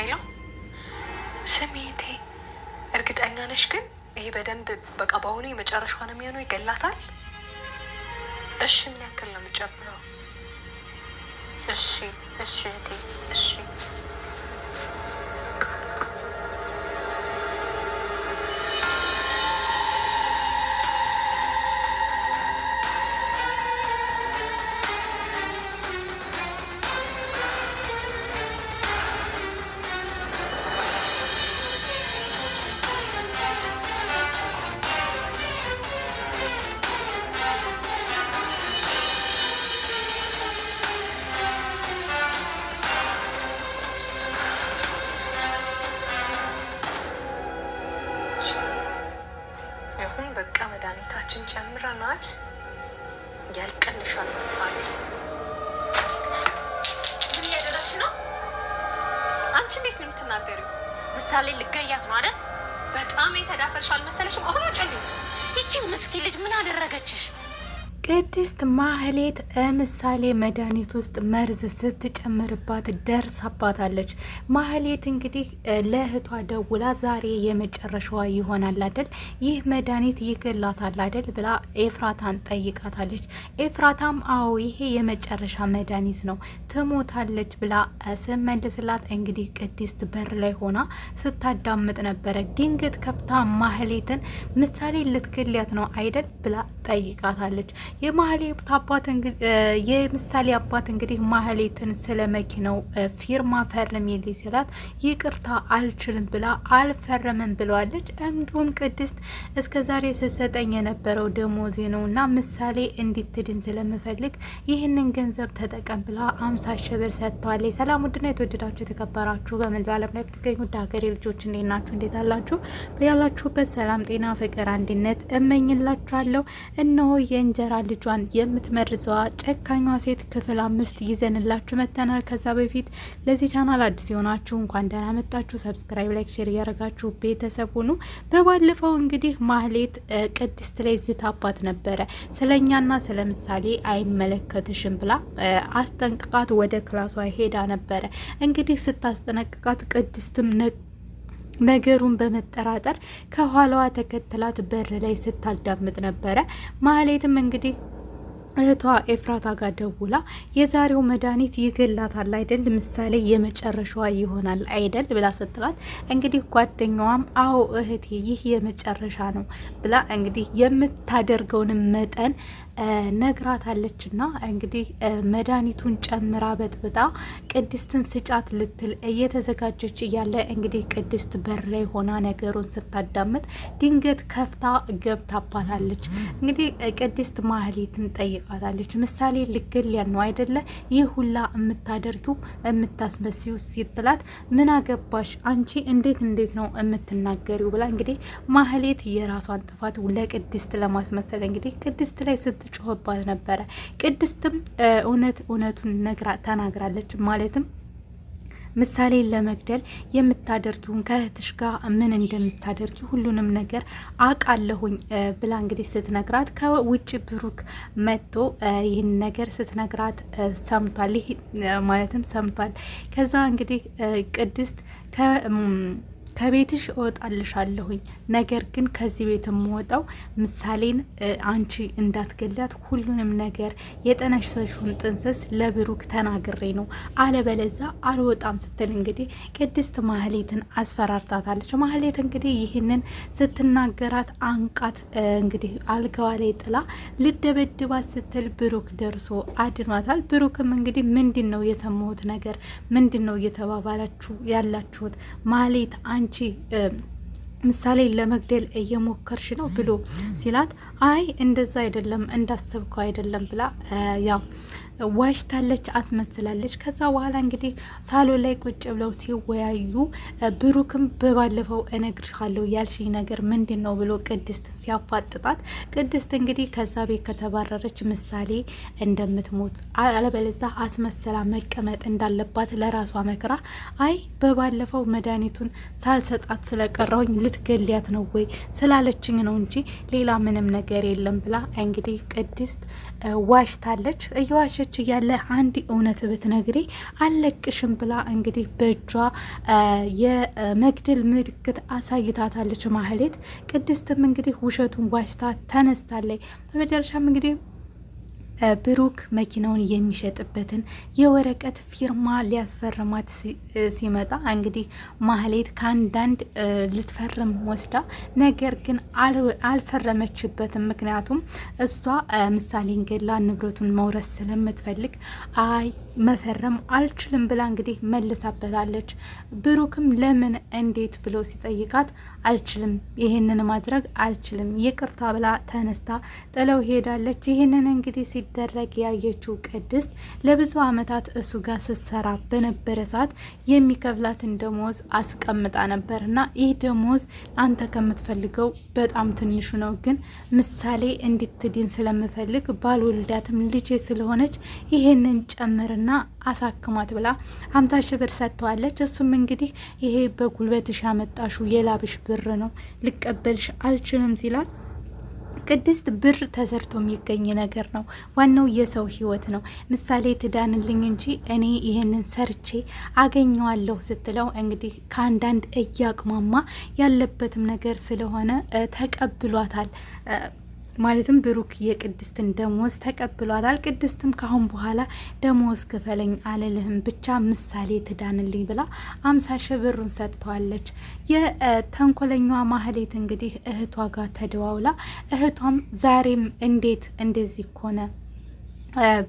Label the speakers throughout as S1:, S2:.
S1: የሚካኤለው ስሜቴ እርግጠኛ ነሽ ግን ይሄ በደንብ በቃ በአሁኑ የመጨረሻ ነው የሚሆነው። ይገላታል። እሺ ምን ያክል ነው የምጨምረው? እሺ እሺ እሺ የምትናገሪው? ምሳሌ ልገያት ነው አይደል? በጣም የተዳፈርሽ አልመሰለሽም? አሁን ጭሊ። ይቺ ምስኪን ልጅ ምን አደረገችሽ?
S2: ቅድስት ማህሌት ምሳሌ መድኃኒት ውስጥ መርዝ ስትጨምርባት ደርሳባታለች። ማህሌት እንግዲህ ለእህቷ ደውላ ዛሬ የመጨረሻዋ ይሆናል አይደል፣ ይህ መድኃኒት ይገላታል አይደል ብላ ኤፍራታን ጠይቃታለች። ኤፍራታም አዎ ይሄ የመጨረሻ መድኃኒት ነው ትሞታለች ብላ ስመልስላት እንግዲህ ቅድስት በር ላይ ሆና ስታዳምጥ ነበረ። ድንገት ከፍታ ማህሌትን ምሳሌ ልትገሊያት ነው አይደል ብላ ጠይቃታለች። የማህሌት አባት የምሳሌ አባት እንግዲህ ማህሌትን ስለ መኪናው ፊርማ ፈርሚልኝ ሲላት ይቅርታ አልችልም ብላ አልፈረምም ብለዋለች። እንዲሁም ቅድስት እስከ ዛሬ ስትሰጠኝ የነበረው ደሞዜ ነው እና ምሳሌ እንድትድን ስለምፈልግ ይህንን ገንዘብ ተጠቀም ብላ አምሳ ሺህ ብር ሰጥተዋል። ሰላም ውድና የተወደዳችሁ የተከበራችሁ በመላው ዓለም ላይ ብትገኙ ውድ ሀገሬ ልጆች እንዴት ናችሁ? እንዴት አላችሁ? በያላችሁበት ሰላም፣ ጤና፣ ፍቅር፣ አንድነት እመኝላችኋለሁ። እነሆ የእንጀራ ልጇን የምትመርዘዋ ጨካኟ ሴት ክፍል አምስት ይዘንላችሁ መተናል። ከዛ በፊት ለዚህ ቻናል አዲስ የሆናችሁ እንኳን ደህና መጣችሁ። ሰብስክራይብ፣ ላይክ፣ ሼር እያደረጋችሁ ቤተሰብ ሁኑ። በባለፈው እንግዲህ ማህሌት ቅድስት ላይ ዝታባት ነበረ። ስለኛና ስለ ምሳሌ አይመለከትሽም ብላ አስጠንቅቃት ወደ ክላሷ ሄዳ ነበረ። እንግዲህ ስታስጠነቅቃት ቅድስትም ነቅ ነገሩን በመጠራጠር ከኋላዋ ተከትላት በር ላይ ስታዳምጥ ነበረ። ማህሌትም እንግዲህ እህቷ ኤፍራታ ጋር ደውላ የዛሬው መድኃኒት ይገላታል አይደል? ምሳሌ የመጨረሻዋ ይሆናል አይደል? ብላ ስትላት እንግዲህ ጓደኛዋም አዎ እህቴ ይህ የመጨረሻ ነው ብላ እንግዲህ የምታደርገውን መጠን ነግራታለች። እና እንግዲህ መድኃኒቱን ጨምራ በጥብጣ ቅድስትን ስጫት ልትል እየተዘጋጀች እያለ እንግዲህ ቅድስት በር ላይ ሆና ነገሩን ስታዳምጥ ድንገት ከፍታ ገብታባታለች። እንግዲህ ቅድስት ማህሌትን ጠይቃታለች። ምሳሌ ልግል ነው አይደለ ይህ ሁላ የምታደርጊው የምታስመሲው ሲትላት ምን አገባሽ አንቺ እንዴት እንዴት ነው የምትናገሪው ብላ እንግዲህ ማህሌት የራሷን ጥፋት ለቅድስት ለማስመሰል እንግዲህ ቅድስት ላይ ስት ስትጮህባት ነበረ። ቅድስትም እውነት እውነቱን ነግራ ተናግራለች። ማለትም ምሳሌን ለመግደል የምታደርጊውን ከእህትሽ ጋር ምን እንደምታደርጊ ሁሉንም ነገር አውቃለሁኝ ብላ እንግዲህ ስትነግራት ከውጭ ብሩክ መጥቶ ይህን ነገር ስትነግራት ሰምቷል። ይህ ማለትም ሰምቷል። ከዛ እንግዲህ ቅድስት ከቤትሽ እወጣልሻለሁኝ፣ ነገር ግን ከዚህ ቤት የምወጣው ምሳሌን አንቺ እንዳትገላት ሁሉንም ነገር የጠነሰሹን ጥንስስ ለብሩክ ተናግሬ ነው፣ አለበለዛ አልወጣም ስትል እንግዲህ ቅድስት ማህሌትን አስፈራርታታለች። ማህሌት እንግዲህ ይህንን ስትናገራት አንቃት እንግዲህ አልጋዋ ላይ ጥላ ልደበድባት ስትል ብሩክ ደርሶ አድኗታል። ብሩክም እንግዲህ ምንድን ነው የሰማሁት ነገር ምንድን ነው እየተባባላችሁ ያላችሁት? ማህሌት አን አንቺ ምሳሌ ለመግደል እየሞከርሽ ነው ብሎ ሲላት፣ አይ እንደዛ አይደለም እንዳሰብከው አይደለም ብላ ያው ዋሽታለች፣ አስመስላለች። ከዛ በኋላ እንግዲህ ሳሎን ላይ ቁጭ ብለው ሲወያዩ ብሩክም በባለፈው እነግርሻለሁ ያልሽኝ ነገር ምንድን ነው ብሎ ቅድስትን ሲያፋጥጣት፣ ቅድስት እንግዲህ ከዛ ቤት ከተባረረች ምሳሌ እንደምትሞት አለበለዛ አስመስላ መቀመጥ እንዳለባት ለራሷ መክራ፣ አይ በባለፈው መድኃኒቱን ሳልሰጣት ስለቀረውኝ ልትገልያት ነው ወይ ስላለችኝ ነው እንጂ ሌላ ምንም ነገር የለም ብላ እንግዲህ ቅድስት ዋሽታለች። እየዋሸች እያለች እያለ አንድ እውነት ብትነግሬ አለቅሽም ብላ እንግዲህ በእጇ የመግደል ምልክት አሳይታታለች ማህሌት። ቅድስትም እንግዲህ ውሸቱን ዋሽታ ተነስታለች። በመጨረሻም እንግዲህ ብሩክ መኪናውን የሚሸጥበትን የወረቀት ፊርማ ሊያስፈርማት ሲመጣ እንግዲህ ማህሌት ከአንዳንድ ልትፈርም ወስዳ፣ ነገር ግን አልፈረመችበትም። ምክንያቱም እሷ ምሳሌን ገላ ንብረቱን መውረስ ስለምትፈልግ አይ መፈረም አልችልም ብላ እንግዲህ መልሳበታለች። ብሩክም ለምን እንዴት ብሎ ሲጠይቃት አልችልም፣ ይህንን ማድረግ አልችልም፣ ይቅርታ ብላ ተነስታ ጥለው ሄዳለች። ይህንን እንግዲህ ሲደረግ ያየችው ቅድስት ለብዙ ዓመታት እሱ ጋር ስትሰራ በነበረ ሰዓት የሚከፍላትን ደሞዝ አስቀምጣ ነበር እና ይህ ደሞዝ አንተ ከምትፈልገው በጣም ትንሹ ነው፣ ግን ምሳሌ እንድትድን ስለምፈልግ ባልወልዳትም ልጄ ስለሆነች ይሄንን ጨምርና አሳክሟት ብላ ሀምሳ ሺህ ብር ሰጥተዋለች። እሱም እንግዲህ ይሄ በጉልበትሽ ያመጣሹ የላብሽ ብር ነው ልቀበልሽ አልችልም ሲላል ቅድስት ብር ተሰርቶ የሚገኝ ነገር ነው። ዋናው የሰው ህይወት ነው። ምሳሌ ትዳንልኝ እንጂ እኔ ይህንን ሰርቼ አገኘዋለሁ ስትለው እንግዲህ ከአንዳንድ እያቅማማ ያለበትም ነገር ስለሆነ ተቀብሏታል። ማለትም ብሩክ የቅድስትን ደሞዝ ተቀብሏታል። ቅድስትም ካሁን በኋላ ደሞዝ ክፈለኝ አልልህም ብቻ ምሳሌ ትዳንልኝ ብላ አምሳ ሺህ ብሩን ሰጥተዋለች። የተንኮለኛዋ ማህሌት እንግዲህ እህቷ ጋር ተደዋውላ እህቷም ዛሬም እንዴት እንደዚህ ኮነ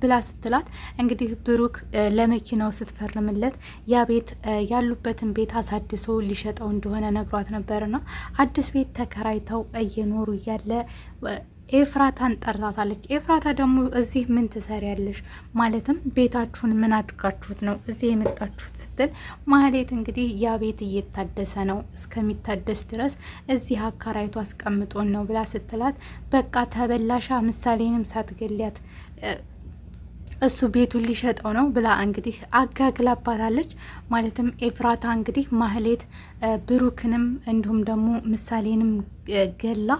S2: ብላ ስትላት እንግዲህ ብሩክ ለመኪናው ስትፈርምለት ያ ቤት ያሉበትን ቤት አሳድሶ ሊሸጠው እንደሆነ ነግሯት ነበርና አዲስ ቤት ተከራይተው እየኖሩ እያለ ኤፍራታን ጠርታታለች። ኤፍራታ ደግሞ እዚህ ምን ትሰሪያለሽ? ማለትም ቤታችሁን ምን አድርጋችሁት ነው እዚህ የመጣችሁት? ስትል ማህሌት እንግዲህ ያ ቤት እየታደሰ ነው፣ እስከሚታደስ ድረስ እዚህ አካራይቱ አስቀምጦን ነው ብላ ስትላት፣ በቃ ተበላሻ ምሳሌንም ሳትገሊያት እሱ ቤቱን ሊሸጠው ነው ብላ እንግዲህ አጋግላባታለች። ማለትም ኤፍራታ እንግዲህ ማህሌት ብሩክንም እንዲሁም ደግሞ ምሳሌንም ገላ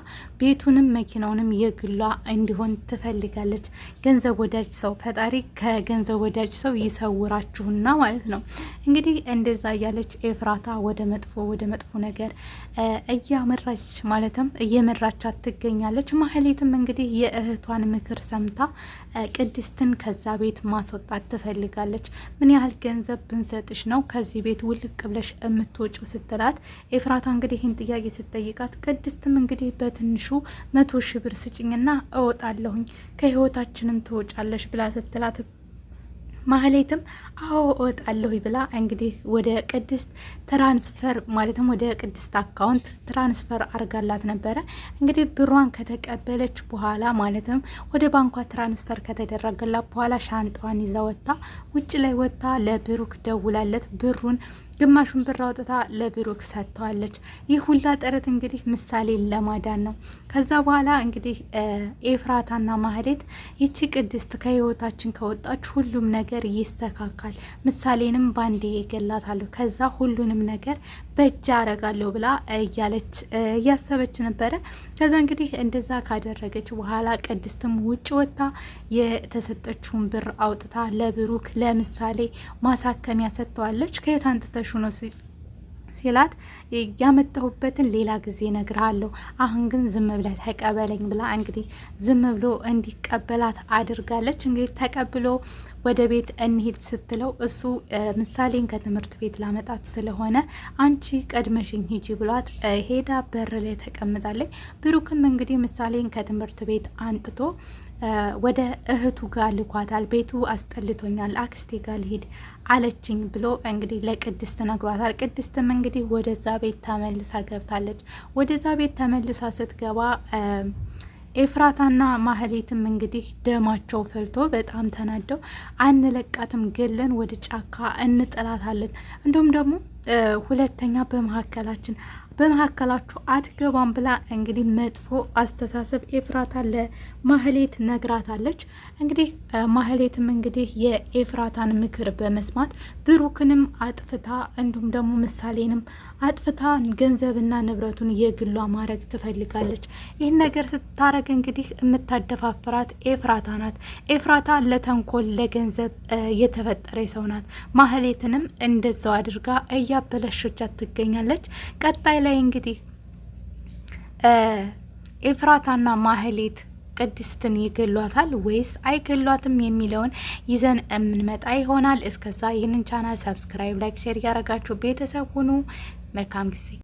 S2: ቤቱንም መኪናውንም የግሏ እንዲሆን ትፈልጋለች። ገንዘብ ወዳጅ ሰው ፈጣሪ ከገንዘብ ወዳጅ ሰው ይሰውራችሁና ማለት ነው። እንግዲህ እንደዛ እያለች ኤፍራታ ወደ መጥፎ ወደ መጥፎ ነገር እያመራች ማለትም እየመራቻት ትገኛለች። ማህሌትም እንግዲህ የእህቷን ምክር ሰምታ ቅድስትን ከዛ ቤት ማስወጣት ትፈልጋለች። ምን ያህል ገንዘብ ብንሰጥሽ ነው ከዚህ ቤት ውልቅ ብለሽ የምትወጪው ስትላት ኤፍራታ እንግዲህ ይህን ጥያቄ ስትጠይቃት ቅድስት ስትም እንግዲህ በትንሹ መቶ ሺህ ብር ስጭኝና እወጣለሁኝ ከህይወታችንም ትወጫለሽ ብላ ስትላት ማህሌትም አዎ እወጣለሁ ብላ እንግዲህ ወደ ቅድስት ትራንስፈር ማለትም ወደ ቅድስት አካውንት ትራንስፈር አርጋላት ነበረ። እንግዲህ ብሯን ከተቀበለች በኋላ ማለትም ወደ ባንኳ ትራንስፈር ከተደረገላት በኋላ ሻንጣዋን ይዛ ወጥታ ውጭ ላይ ወጥታ ለብሩክ ደውላለት ብሩን ግማሹን ብር አውጥታ ለብሩክ ሰጥተዋለች። ይህ ሁላ ጥረት እንግዲህ ምሳሌ ለማዳን ነው። ከዛ በኋላ እንግዲህ ኤፍራታና ማህሌት ይቺ ቅድስት ከህይወታችን ከወጣች ሁሉም ነገር ይስተካካል፣ ምሳሌንም ባንዴ እገላታለሁ፣ ከዛ ሁሉንም ነገር በእጅ አረጋለሁ ብላ እያለች እያሰበች ነበረ። ከዛ እንግዲህ እንደዛ ካደረገች በኋላ ቅድስትም ውጭ ወጥታ የተሰጠችውን ብር አውጥታ ለብሩክ ለምሳሌ ማሳከሚያ ሰጥተዋለች። ከየት አንጥተሽ እየወሰድሽ ነው ሲላት ያመጣሁበትን ሌላ ጊዜ ነግርሃለሁ፣ አሁን ግን ዝም ብለህ ተቀበለኝ ብላ እንግዲህ ዝም ብሎ እንዲቀበላት አድርጋለች። እንግዲህ ተቀብሎ ወደ ቤት እንሂድ ስትለው እሱ ምሳሌን ከትምህርት ቤት ላመጣት ስለሆነ አንቺ ቀድመሽኝ ሂጂ ብሏት ሄዳ በር ላይ ተቀምጣለች። ብሩክም እንግዲህ ምሳሌን ከትምህርት ቤት አንጥቶ ወደ እህቱ ጋር ልኳታል። ቤቱ አስጠልቶኛል፣ አክስቴ ጋር ልሂድ አለችኝ ብሎ እንግዲህ ለቅድስት ነግሯታል። ቅድስትም እንግዲህ ወደዛ ቤት ተመልሳ ገብታለች። ወደዛ ቤት ተመልሳ ስትገባ ኤፍራታና ማህሌትም እንግዲህ ደማቸው ፈልቶ በጣም ተናደው አንለቃትም፣ ገለን ወደ ጫካ እንጥላታለን፣ እንዲሁም ደግሞ ሁለተኛ በመካከላችን በመካከላችሁ አትገባም ብላ እንግዲህ መጥፎ አስተሳሰብ ኤፍራታ ለማህሌት ነግራታለች። እንግዲህ ማህሌትም እንግዲህ የኤፍራታን ምክር በመስማት ብሩክንም አጥፍታ እንዲሁም ደግሞ ምሳሌንም አጥፍታ ገንዘብና ንብረቱን የግሏ ማድረግ ትፈልጋለች። ይህን ነገር ስታረግ እንግዲህ የምታደፋፍራት ኤፍራታ ናት። ኤፍራታ ለተንኮል ለገንዘብ የተፈጠረ ሰው ናት። ማህሌትንም እንደዛው አድርጋ እያበለሸቻት ትገኛለች። ቀጣይ ላይ እንግዲህ ኤፍራታና ማህሌት ቅድስትን ይገሏታል ወይስ አይገሏትም የሚለውን ይዘን የምንመጣ ይሆናል። እስከዛ ይህንን ቻናል ሰብስክራይብ፣ ላይክ፣ ሼር እያረጋችሁ ቤተሰብ ሁኑ። መልካም ጊዜ